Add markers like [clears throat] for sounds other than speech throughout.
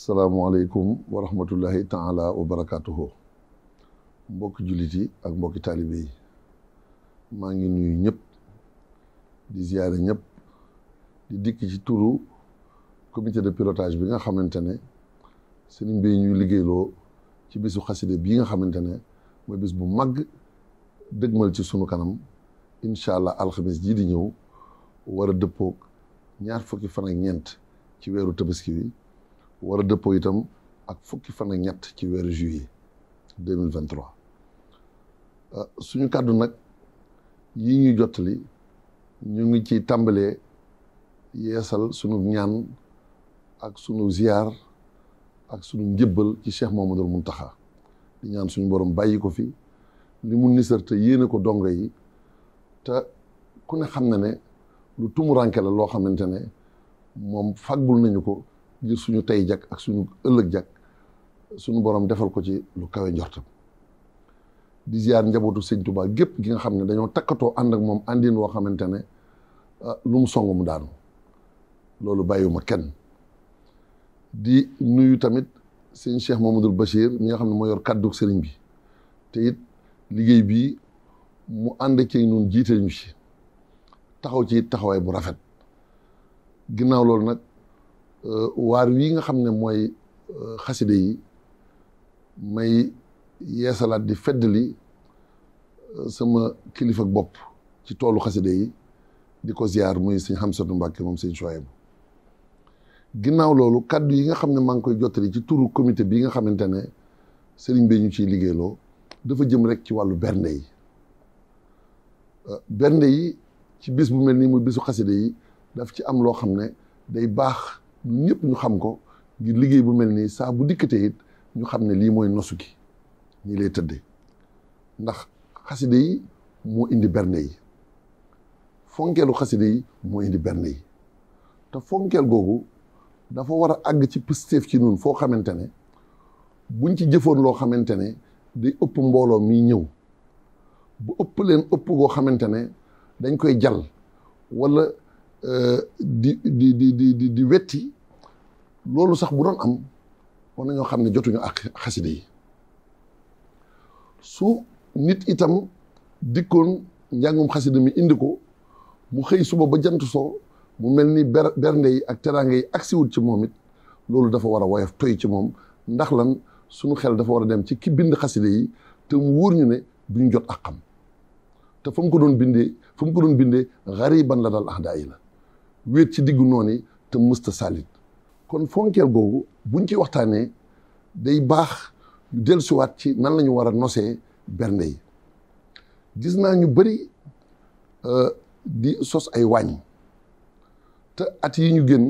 asalaamualeykum wa rahmatullahi taala wa barakaatuhu mbokki jullit ak mbokki taalibe yi maa ngi nuyu ñëpp di ziyaare ñëpp di dikk ci turu comité de pilotage bi nga xamante ne sëriñ bi ñuy liggéeyloo ci bisu xaside bii nga xamante ne ma bis bu mag dëgmal ci sunu kanam incha allah alxamis jii di ñëw war a ñaar fukki fan ñeent ci weeru tabaski war a dëppoo itam ak fukki fan ñett ci weeru juillet deux mille vingt euh, suñu kàddu nag yi ñuy jottali ñu ngi ci tàmbalee yeesal sunu ñaan ak sunu ziyaar ak sunu njëbbal ci Cheikh Mouhamadoul Mountakha di ñaan suñu borom bàyyi ko fi ni mu nisar te yéene ko dongo yi te ku ne xam na ne lu tumuranke la loo xamante ne moom fàggul nañu ko ngir suñu tey jag ak suñu ëllëg jag suñu boroom defal ko ci lu kawe njortam di ziar njabootu sëñ Tuubaa gépp gi nga xam ne dañoo takkatoo ànd ak moom àndin woo xamante ne ah, lu mu song mu daanu loolu ma kenn di nuyu tamit sëñ Cheikh Mamadou Bachir mi nga xam ne moo yor kàddu sëriñ bi te it liggéey bi mu ànd ci ñun jiite ñu ci taxaw ci taxawaay bu rafet ginnaaw loolu nag Euh, waar wi nga xam ne mooy euh, xaside yi may yeesalaat di feddali euh, sama kilifa bopp ci toolu xaside yi di ko ziar muy sëñ Xamsatu Mbàkke moom sëñ Suwaybu ginnaaw loolu kàddu yi nga xam ne maa ngi koy jottali ci turu comité bi nga xamante ne sëriñ bi ñu ciy liggéeyloo dafa jëm rek ci wàllu bernde yi bernde yi ci bis bu mel nii muy bisu xaside yi daf ci am loo xam ne day baax ñëpp ñu xam ko ngir liggéey bu mel nii saa bu dikkatee it ñu xam ne lii mooy nosu gi lay tëddee ndax xaside yi moo indi berne yi fonkeelu xaside yi moo indi berne yi te fonkeel googu dafa war a àgg ci pësteef ci nun foo xamante ne buñ ci jëfoon loo xamante ne day ëpp mbooloo mi ñëw bu ëpp leen ëpp goo xamante ne dañ koy jal walla euh, di di di di di di wetti loolu sax bu doon am war ñoo xam ne jotuñu ak xasida yi su nit itam dikkoon njàngum xasida mi indi ko mu xëy suba ba jant soo mu mel ni ber bernde yi ak teraange yi agsi wut ci moom it loolu dafa war a woyof toy ci moom ndax lan suñu xel dafa war a dem ci ki bind xasida yi te mu wóor ñu ne du ñu jot ak xam te fa ko doon bindee fa ko doon bindee xariban la dal ahdaa yi la wéet ci diggu nooni te mësta salit kon fonkeel googu buñ ci waxtaanee day baax ñu dellusiwaat ci nan la war a nosee bernde yi gis naa ñu bëri euh, di sos ay waañ te at yi ñu génn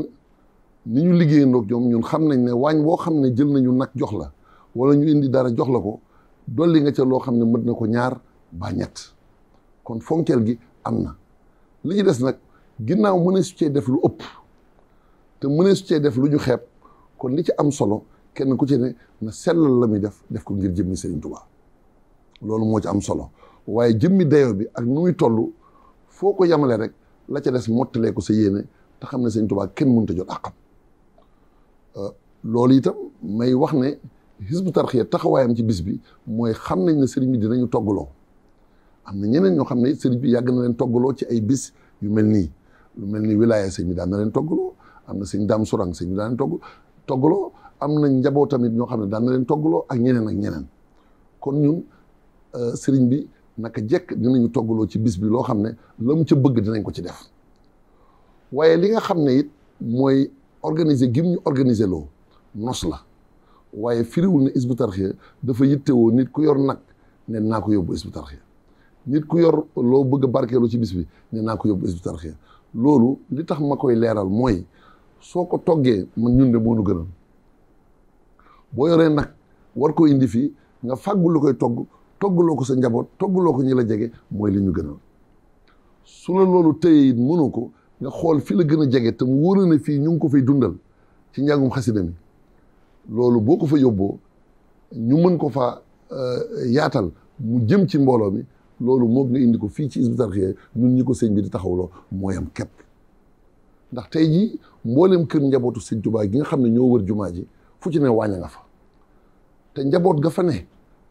ni liggéeyandoog ñoom ñun xam nañ ne waañ boo xam ne jël nañu nag jox la wala ñu indi dara jox la ko dolli nga ca loo xam ne mën na ko ñaar ba kon fonkeel gi am na li ñu des nag ginnaaw mën a su cee def lu ëpp te su cee def lu ñu xeeb kon li ci am solo kenn ku ci ne na sellal la muy def def ko ngir jëmmi Serigne Touba loolu moo ci am solo waaye jëmmi dayoo bi ak nu muy toll foo ko yemale rek la ca des mottaleeku ko sa yéene te xam ne Serigne Touba kenn mënut a jot àqam loolu itam may wax ne Hizbut Tarqiyyah taxawaayam ci bis bi mooy xam nañ ne Serigne bi dinañu toggaloo am na ñeneen ñoo xam ne Serigne bi yàgg na leen toggaloo ci ay bis yu mel nii lu mel ni wilaya Serigne bi daal na leen toggaloo. am na sëñ daam surang sëñ daan togg toggaloo am na njaboo tamit ñoo xam ne daan na leen toggaloo ak ñeneen ak ñeneen kon ñun euh, sëriñ bi naka jekk dinañu toggaloo ci bis bi loo xam ne la mu ca bëgg dinañ ko ci def waaye li nga xam ne it mooy organiser gim ñu organiser loo nos la waaye firiwul ne Hizbut Tarqiyyah dafa yittewoo nit ku yor nag ne naa ko yóbbu Hizbut Tarqiyyah nit ku yor loo bëgg a barkeelu ci bis bi ne naa ko yóbbu Hizbut Tarqiyyah loolu li tax ma koy leeral mooy soo ko toggee man ñun de moo nu gënal boo yoree nag war ko indi fii nga fàggu lu koy togg toggaloo ko sa njaboot toggaloo ko ñi la jege mooy li ñu gënal su la loolu téye it mënu ko nga xool fi la gën a jege tam mu wóor ne fii ñu ko fay dundal ci njàngum xasida mi loolu boo ko fa yóbboo ñu mën ko fa euh, yaatal mu jëm ci mbooloo mi loolu moog nga indi ko fii ci Hizbut Tarqiyyah ñun ñi ko sëñ bi di taxawloo mooyam képp ndax tey jii mboolem kër njabootu si Tuubaa gi nga xam ne ñoo wër jumaa ji fu ci ne wàñña nga fa te njaboot ga fa ne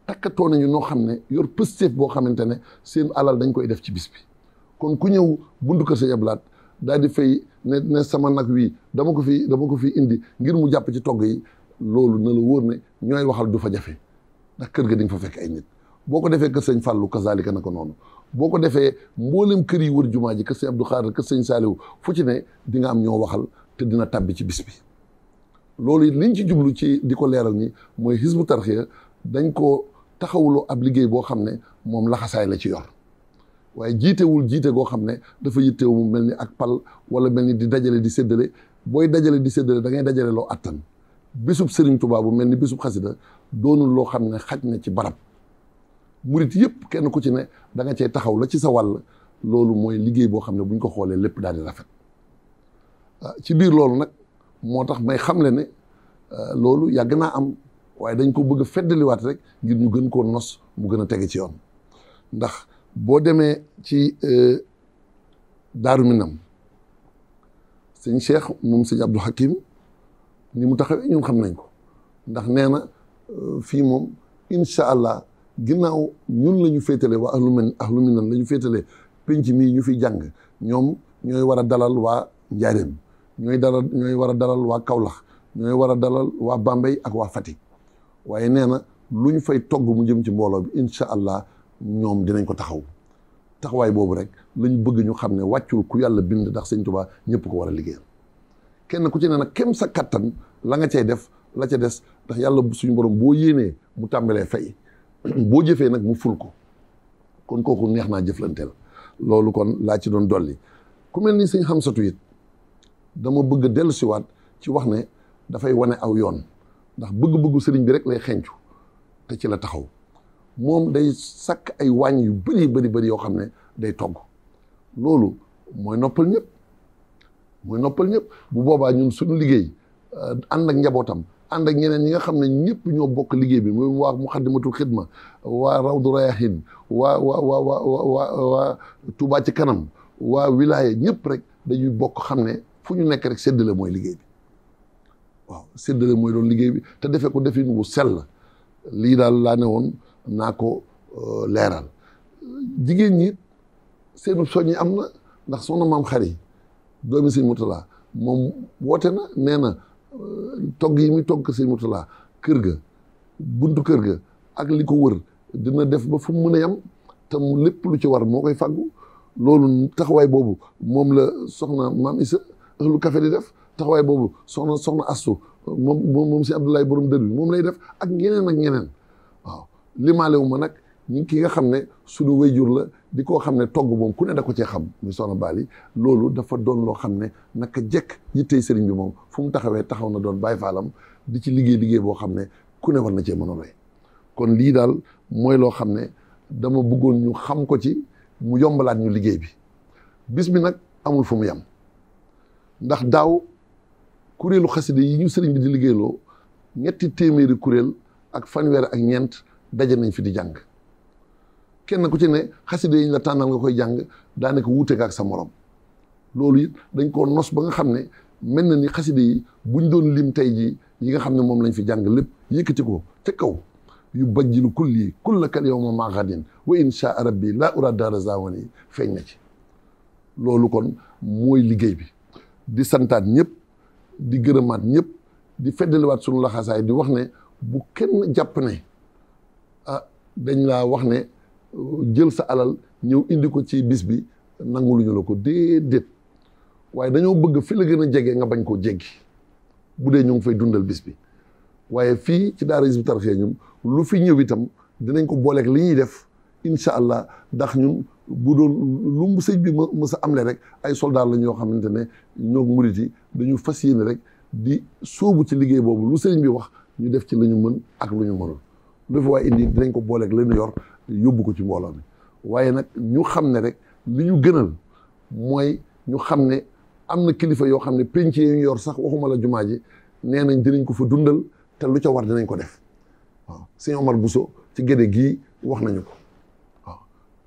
takkatoo nañu noo xam ne yor pësteef boo xamante ne seen alal dañ koy def ci bis bi kon ku ñëw buntu kër sëñ Ablaat daal di fay ne ne sama nag wii dama ko fi dama ko fi indi ngir mu jàpp ci togg yi loolu na la wóor ne ñooy waxal du fa jafe ndax kër ga di nga fa fekk ay nit boo ko defee kër sëñ Fallou kasaalika na ko noonu boo ko defee mboolem kër yi wër jumaa ji kër sëñ Abdou Khadre kër sëñ Saliou fu ci ne di nga am ñoo waxal te dina tàbbi ci bis loolu it liñ ci jublu ci di ko leeral ni mooy Hizbut Tarqiyyah dañ ko taxawuloo ab liggéey boo xam ne moom laxasaay la ci yor waaye jiitewul jiite goo xam ne dafa yittewu mu mel ni ak pal wala mel ni di dajale di séddale booy dajale di séddale da ngay dajale loo attan bésub Serigne Touba bu mel ni bésub xasida doonul loo xam ne xaj na ci barab murit yëpp kenn ku ci ne danga nga cee taxaw la ci sa wàll loolu mooy liggéey boo xam ne buñ ko xoolee lépp daal di rafet ah, ci biir loolu nag moo tax may xam xamle ne ah, loolu yàgg naa am waaye dañ ko bëgg a feddaliwaat rek ngir ñu gën koo nos mu gën a tege ci yoon ndax boo demee ci eh, daaru minam sëñ Cheikh moom sëñ Abdou Hakim ni mu taxawee ñun xam nañ ko ndax nee na eh, fii moom incha allah ginnaaw ñun la ñu féetale waa ahlu min ahlu minan la ñu féetale penc mii ñu fi jàng ñoom ñooy war a dalal waa Njaaréem ñooy dalal war a dalal waa Kaolack ñooy war a dalal waa Bambey ak waa Fatick waaye nee na lu ñu fay togg mu jëm ci mbooloo bi incha allah ñoom dinañ ko taxaw taxawaay boobu rek lañu bëgg ñu xam ne wàccul ku yàlla bind ndax sëñ Tuubaa ñëpp ko war a liggéeyal kenn ku ci ne nag kem sa kattan la nga cay def la ca des ndax yàlla suñu borom boo yéenee mu tàmbalee fay [clears throat] boo jëfee nag mu ful ko kon kooku neex naa jëflanteel loolu kon laa ci doon dolli ku mel ni xam Xamsatu it dama bëgg dellu siwaat ci wax ne dafay wane aw yoon ndax bëgg-bëggu sëriñ bi rek lay xencu te ci la taxaw moom day sakk ay wàññ yu bëri bëri bëri yoo xam ne day togg loolu mooy noppal ñëpp mooy noppal ñëpp bu boobaa ñun suñu liggéey euh, ànd ak njabootam ànd ak ñeneen ñi nga xam ne ñépp ñoo bokk liggéey bi mooy waa Muxaddamatul Xidma waa Rawdu Rayahin waa waa waa waa waa waa ci kanam waa wilaaya ñëpp rek dañuy bokk xam ne fu ñu nekk rek séddale mooy liggéey bi waaw séddale mooy doon liggéey bi te defee ko defin wu sell lii daal laa ne woon naa ko euh, leeral jigéen ñi seenu soññi am na ndax soxna maam xari doomi sëñ Murtala moom woote na nee togg yi muy togg sëñ Mourtala kër ga buntu kër ga ak li ko wër dina def ba fu mu mën a yem te lépp lu ci war moo koy fàggu loolu taxawaay boobu moom la soxna maam Issa lu café di def taxawaay boobu soxna soxna Astou moom moom si Abdoulaye borom dër bi moom lay def ak ñeneen ak ñeneen waaw limaale wu ma nag ñi ki nga xam ne suñu wayjur la di koo xam ne togg moom ku ne da ko cee xam muy soxna Bali loolu dafa doon loo xam ne naka jekk yittey sëriñ bi moom fu mu taxawee taxaw na doon Baay Faalam di ci liggéey liggéey boo xam ne ku ne war na cee mën a roy kon lii daal mooy loo xam ne dama buggoon ñu xam ko ci mu yombalaat ñu liggéey bi bis bi nag amul fu mu yem ndax daaw kuréelu xaside yi ñu sëriñ bi di liggéeyloo ñetti téeméeri kuréel ak fanweer ak ñeent daje nañ fi di jàng kenn ku ci ne xasida yi ñu la tànnal nga koy jàng daanaka wuute ak sa morom loolu it dañ koo nos ba nga xam ne mel na ni xasida yi buñ doon lim tey jii yi nga xam ne moom lañ fi jàng lépp yëkkati ko ca kaw yu bajjilu kulli kullakal yawma maghadin wa insha rabbi laa urada razawani feeñ na ci loolu kon mooy liggéey bi di santaat ñëpp di gërëmaat ñëpp di feddaliwaat sunu laxaasaay di wax ne bu kenn jàpp ne ah, dañ laa wax ne jël sa alal ñëw indi ko ci bis bi nanguluñu la ko déedéet waaye dañoo bëgg fi la gën a jege nga bañ koo jeggi bu dee ñu ngi fay dundal bis bi waaye fii ci daara Hizbut lu fi ñëw itam dinañ ko booleeg li ñuy def incha allah ndax ñun bu doon lu bi mës a amle rek ay soldat la ñoo xamante ne ñoo murit yi dañu fas yéene rek di sóobu ci liggéey boobu lu sëñ bi wax ñu def ci la ñu mën ak lu ñu mënul lu fi waaye indi dinañ ko booleeg la ñu yor yóbbu ko ci mbooloo mi waaye nag ñu xam ne rek li ñu gënal mooy ñu xam ne am na kilifa yoo xam ne penc yi yor sax waxuma la jumaa ji nee nañ dinañ ko fa dundal te lu ca war dinañ ko def waaw sëñ Omar Bousso ci gédé gii wax nañu ko waaw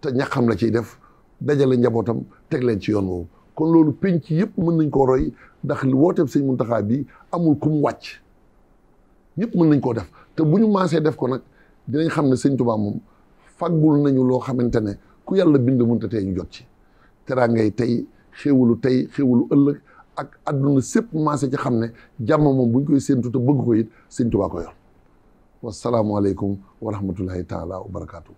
te ñaxam la ciy def dajale njabootam teg leen ci yoon woowu kon loolu penc yëpp mën nañ koo roy ndax li wooteeb sëñ Muntaxa bi amul ku mu wàcc ñëpp mën nañ koo def te bu ñu maasee def ko nag dinañ xam ne sëñ Tuubaa moom faggul nañu loo xamante ne ku yàlla bind mënta tey ñu jot ci teraangay tey xéwalu tey xéwalu ëllëg ak àdduna sépp maase ci xam ne jàmm moom bu ñu koy séentu te bëgg ko it Sëñ Tuubaa ko yor wasalaamualeykum wa wa barakaatu.